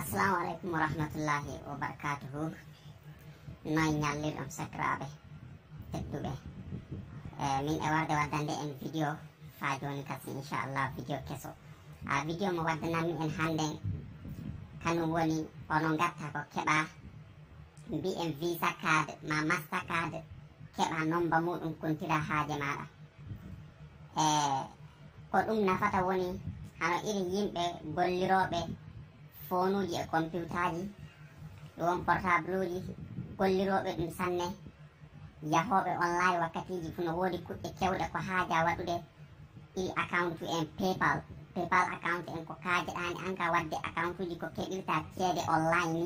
assalamu aleykum wa rahmatullahi wa barkatuhu noy ñallirɗum sakiraɓe tedduɓe e, min e warde waddande en vidéo ha joni kasi inchallah vidéo keso a vidéo mo waddanami en hannden kañum woni onon gatta ko keɓa mbi en visa kade ma masta kade keɓa nomba muɗum kontira haaje maɗa e ko ɗum nafata woni hano iri yimɓe golliroɓe fonuji e computaji ɗoon portable uji golliroɓe ɗum sanne yahoɓe online wakkatiji fu no wodi kuɗɗe kewɗe ko haaja waɗude i account en paypal paypal account en ko kaaje ɗani an ka wadde account uji ko keɗirta ceede online ni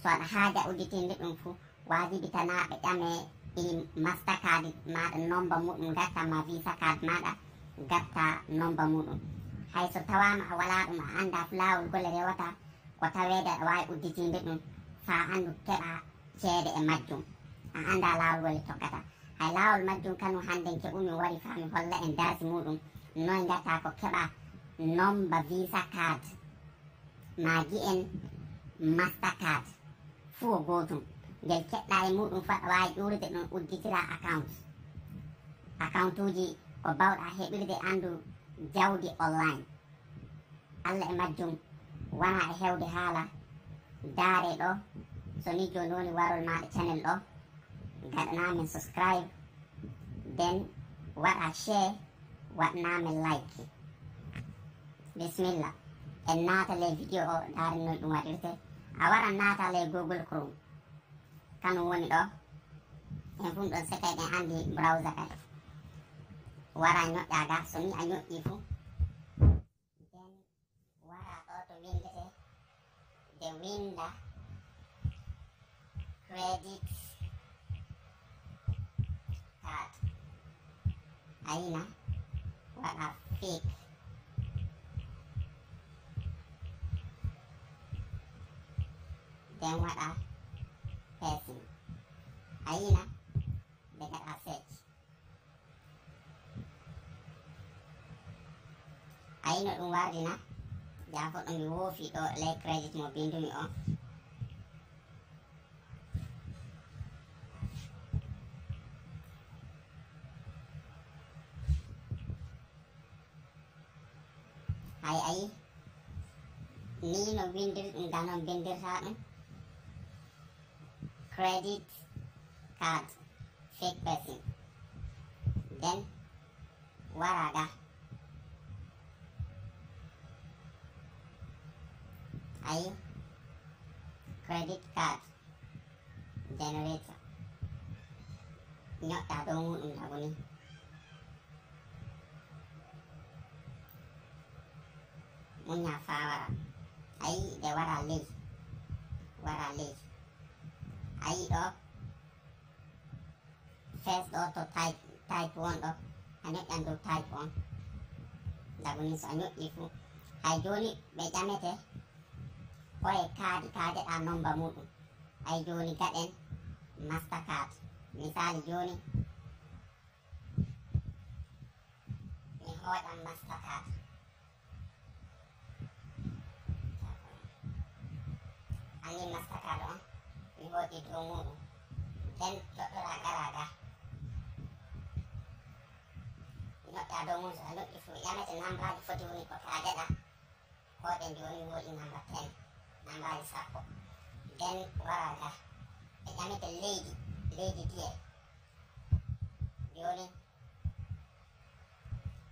so aɗa haaja udditinde ɗum fu wajibitana ɓe ƴame i master card maɗa nomba muɗum gatta ma visa card maɗa gatta nomba muɗum hay so tawama a wala ɗum a anda flawol golle rewata ko taweede aɗa wawi udditinde ɗum fa andu keɓa ceede e majjum a anda lawol golle toggata hay lawol majjum kañum hande keɓumi wari fa mi holla en dasi muɗum noy gatta ko keɓa nomba visa card magi en master card fuu gotum ngel keɗɗa e muɗum fa aɗa wawi ƴurde ɗum udditira account account uji ko bawɗa heɓirde andu jawdi online allah e majjum wona e hewde haala daare ɗo so ni joni woni warol maɗa channel ɗo gaɗanamin subscribe nden waɗa share waɗanamin like bismilla en natale video o darenoy ɗum waɗirte a waran natale google chrome kanum woni ɗo en fum ɗon sekayɗen andi browser kadi wara ñoƴƴaga so ni a ñoƴƴi fuu the window credits that aina wanafiki then what a person aina daga asset aina ɗin wari na Dafo ɗo mi wofi ɗo lấy credit mo bindumi on hay ayi ni no windir nga no bindirta ɗum credit card fake person then waraga ai credit card generator nyoɗɗa ɗo muɗum tago ni muña fawara ayi de wara ley wara ley ayi ɗo fes ɗo to type on ɗo a nyoƴƴan dow type on dago ni so a nyoƴƴi fu hay joni ɓe ƴamete koye kaaɗi ka geɗa nomba muɗum ay joni gaɗen masta card misali joni mi hoɗan masta card andi masta card on mi hoɗi dow muɗum den toɗɗora garaga noɗɗa dow mum so a luɗɗi fu ƴamete nambaji foti woni ko ka geɗa koɗen joni woɗi namba ten nambaali sappo den wara la e ƴamete leydi leydi diye joni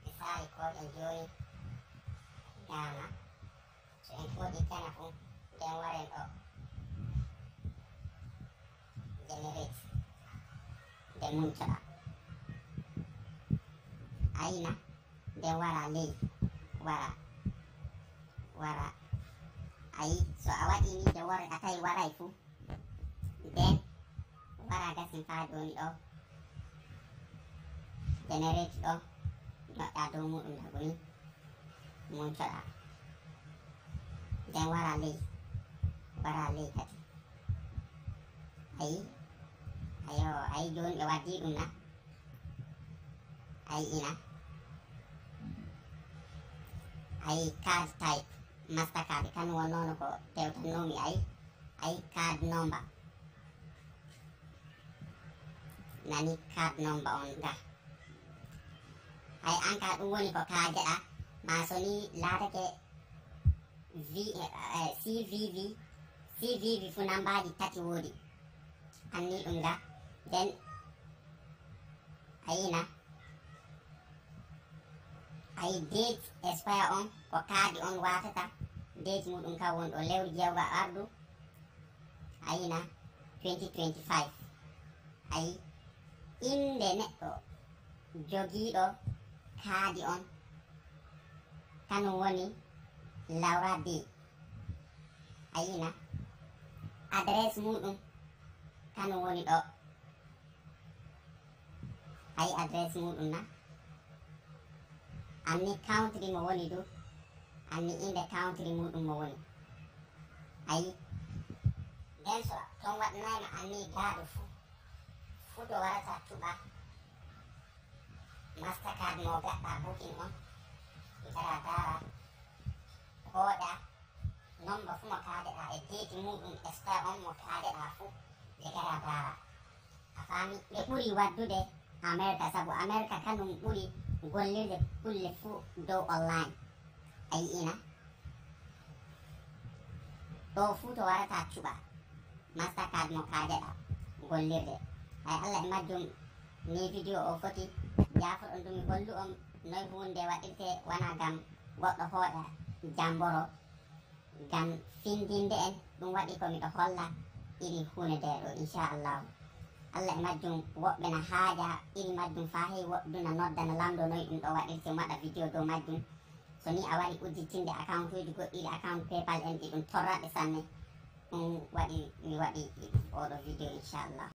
mi saali koɗen joni ñama so en foɗi tana fu den waren ɗo generat nde muntoɗa ayina nden wara leydi wara wara ayi so a waɗi ni de wore a tawi waray fuu den wara gasin faa doni ɗo genereti ɗo noɗɗa dow muɗum daguni muncoɗa den wara ley wara ley kadi ayi ayo ayi joni ɓe waddi ɗum na ayi ina ayi card type nasta kaaɓe tan wonnoono ko tewtannoomi ay ay kaadnomba nani kaadnomba on ga hay an ka ɗum woni ko kaageɗa ma so ni laatake v eh, eh, cvv cvv fu nambaaji tati woodi anni ɗum ga nden ayina ayi gate expire on ko kaadi on watata deti muɗum kam won ɗo lewru jewga ardu ayina 2025 ayi inde neɗɗo jogiɗo kaadi on kanum woni laura d ayina adress muɗum kanum woni ɗo ayi adress muɗum na anni country mo woni du anni inde country muɗum mo woni ayi nden so ton waɗanayma anni gaaɗo fu fu to warata tuɓa mastercard mo gaɗɗa bookin on gara dara hooɗa nombre fu mo kaaɗeɗa e deeti muɗum e star on mo kaaɗeɗa fu de gara dara a faami ɓe ɓuri waddude america sabu america kanum ɓuri gollirde kulle fuu dow online a yi'ina ɗo fuu to warata cuɓa masta card mo kaajeɗa gollirde ay allah e majjum ni video o foti yaafoɗon ɗum hollu on noy hunde waɗirte wona gam goɗɗo hooɗa jamboro gam findinde en ɗum waɗi komiɗo holla iri hunde nde ɗo inchallahu allah e majjum woɓɓe na haaja iri majjum fa hey woɓɓeduna noddana lamdo noy ɗum ɗo waɗir sen waɗa vidéo dow majjum so ni a waɗi ujjitinde account uji goɗɗiɗi account paypal en ɗi ɗum torraɗe sanne ɗum waɗi mi waɗi oɗo vidéo inchallah